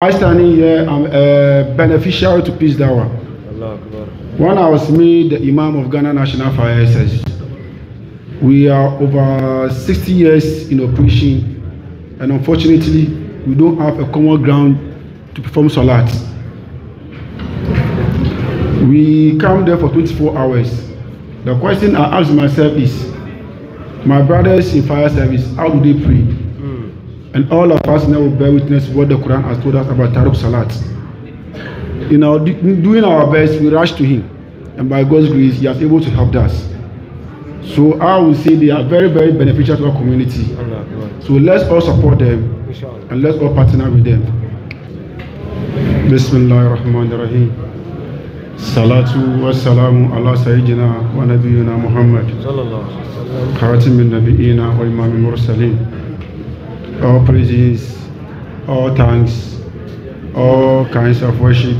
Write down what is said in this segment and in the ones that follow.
I standing here, I'm um, a uh, beneficiary to Peace Dawah. When I was made the Imam of Ghana National Fire Service, we are over 60 years in operation, and unfortunately, we don't have a common ground to perform Salat. We come there for 24 hours. The question I ask myself is, my brothers in fire service, how do they pray? And all of us now will bear witness what the Quran has told us about Tarub Salat. In our, in doing our best, we rush to Him. And by God's grace, He is able to help us. So I will say they are very, very beneficial to our community. So let's all support them and let's all partner with them. Bismillahirrahmanirrahim. ar-Rahman ar-Rahim. Salatu wa salamu ala sayyidina wa nabiyina Muhammad. Khatim min nabiyina wa imam mursalin all praises, all thanks, all kinds of worship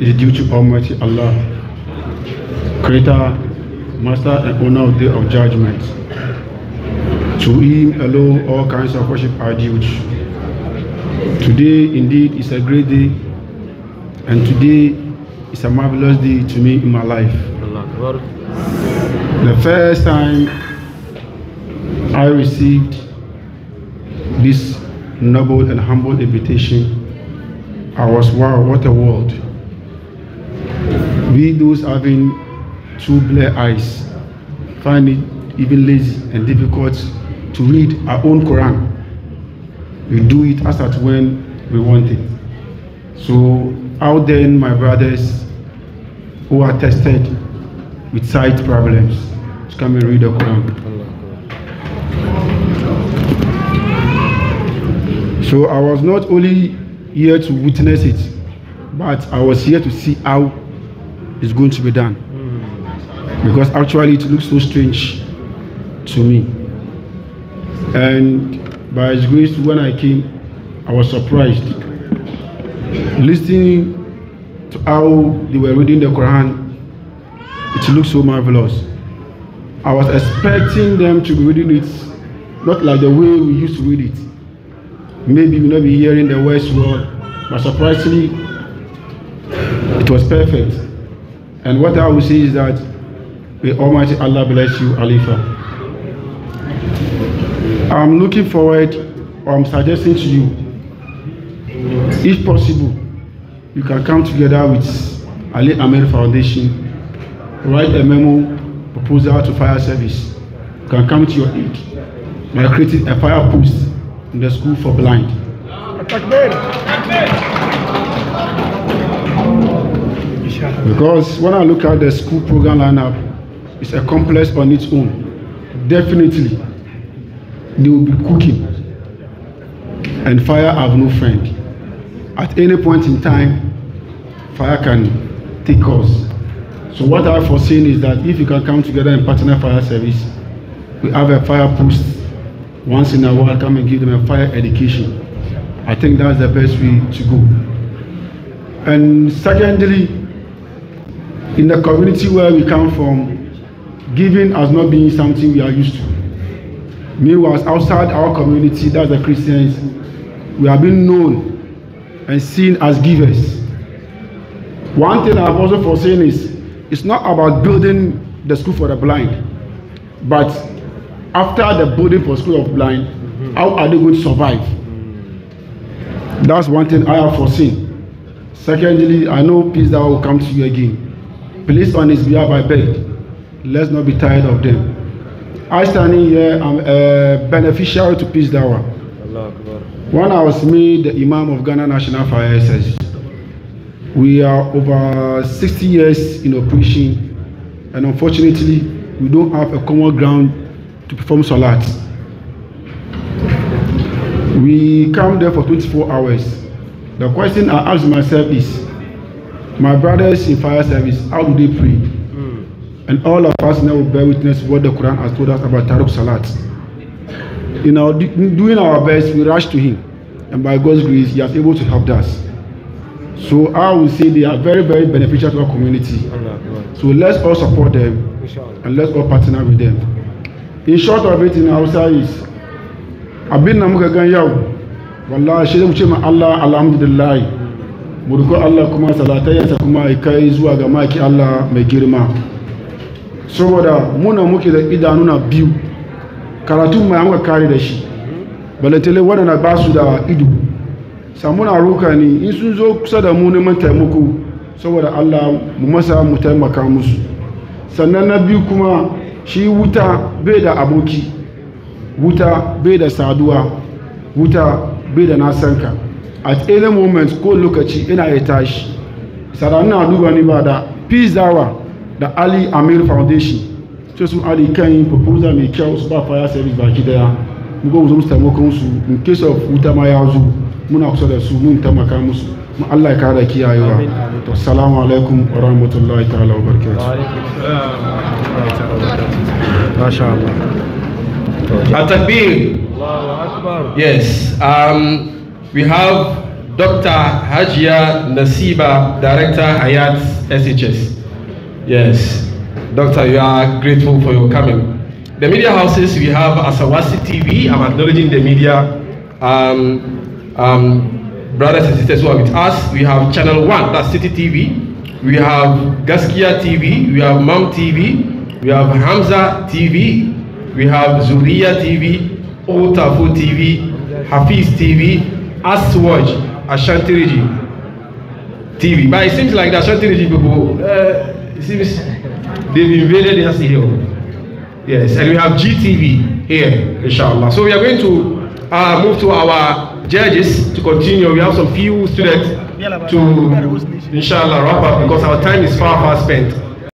is due to Almighty Allah, Creator, Master, and Owner of the Day of Judgment. To Him alone, all kinds of worship are due. Today, indeed, is a great day, and today is a marvelous day to me in my life. The first time I received this noble and humble invitation. I was, wow, what a world. We those having two blear eyes find it even lazy and difficult to read our own Quran. We do it as at when we want it. So out there, my brothers who are tested with sight problems, come and read the Quran. So I was not only here to witness it, but I was here to see how it's going to be done. Because actually it looks so strange to me. And by His grace, when I came, I was surprised. Listening to how they were reading the Quran, it looked so marvelous. I was expecting them to be reading it not like the way we used to read it maybe you will not be hearing the words well but surprisingly it was perfect and what I will say is that may Almighty Allah bless you Alifa I'm looking forward or I'm suggesting to you if possible you can come together with Ali Ahmed Foundation write a memo proposal to fire service you can come to your aid by creating a fire post in the school for blind. Because when I look at the school program lineup, it's a complex on its own. Definitely, they will be cooking. And fire have no friend. At any point in time, fire can take us. So what I've foreseen is that if you can come together and partner fire service, we have a fire post once in a while come and give them a fire education. I think that's the best way to go. And secondly, in the community where we come from, giving has not been something we are used to. Meanwhile, outside our community, that's the Christians, we have been known and seen as givers. One thing I've also foreseen is it's not about building the school for the blind, but after the building for school of blind mm-hmm. how are they going to survive mm. that's one thing i have foreseen secondly i know peace that will come to you again please on his behalf i beg let's not be tired of them i standing here i'm a uh, beneficiary to peace dawa when i was made the imam of ghana national fire service we are over 60 years in operation and unfortunately we don't have a common ground to perform salat. We come there for twenty-four hours. The question I ask myself is, my brothers in fire service, how do they pray? Mm. And all of us now bear witness what the Quran has told us about Tarub Salat. You know, doing our best, we rush to him. And by God's grace, he has able to help us. So I will say they are very, very beneficial to our community. So let's all support them and let's all partner with them. in short of it in hausa is abin da muka gan yau wallahi shi mu ce ma Allah alhamdulillah mu Allah kuma salatayensa kuma ya kai zuwa ga maki Allah mai girma saboda muna muke da idanu na biyu karatu mai muka kare da shi balatale wadanda ba su da ido samuna ruka ne in sun zo kusa da mu neman taimako saboda Allah mu masa mu taimaka musu sannan na biyu kuma shi wuta bai da aboki wuta bai da saduwa wuta bai da nasanka at any moment ko lokaci ina ya tashi sara na duba ni ba da pizawa da ali amir foundation ce sun ali kan yi proposal mai kyau su ba fire service baki daya mu wuzo mu taimakon su in case of wuta ma ya zo muna kusa da su mun taimaka musu mu Allah ya kara kiyayewa to assalamu alaikum wa rahmatullahi ta'ala wa barakatuh ما شاء الله التكبير الله أكبر yes um, we have Dr. Hajia Nasiba, Director Hayat SHS. Yes, Doctor, you are grateful for your coming. The media houses we have Asawasi TV. I'm acknowledging the media um, um, brothers and sisters who are with us. We have Channel 1, that's City TV. We have Gaskia TV. We have Mom TV. we have Hamza TV, we have Zuriya TV, Otafo TV, Hafiz TV, Aswaj, Ashantiriji TV. But it seems like the Ashantiriji people, uh, it seems they've invaded the here. Yes, and we have GTV here, inshallah. So we are going to uh, move to our judges to continue. We have some few students to, inshallah, wrap up because our time is far, far spent.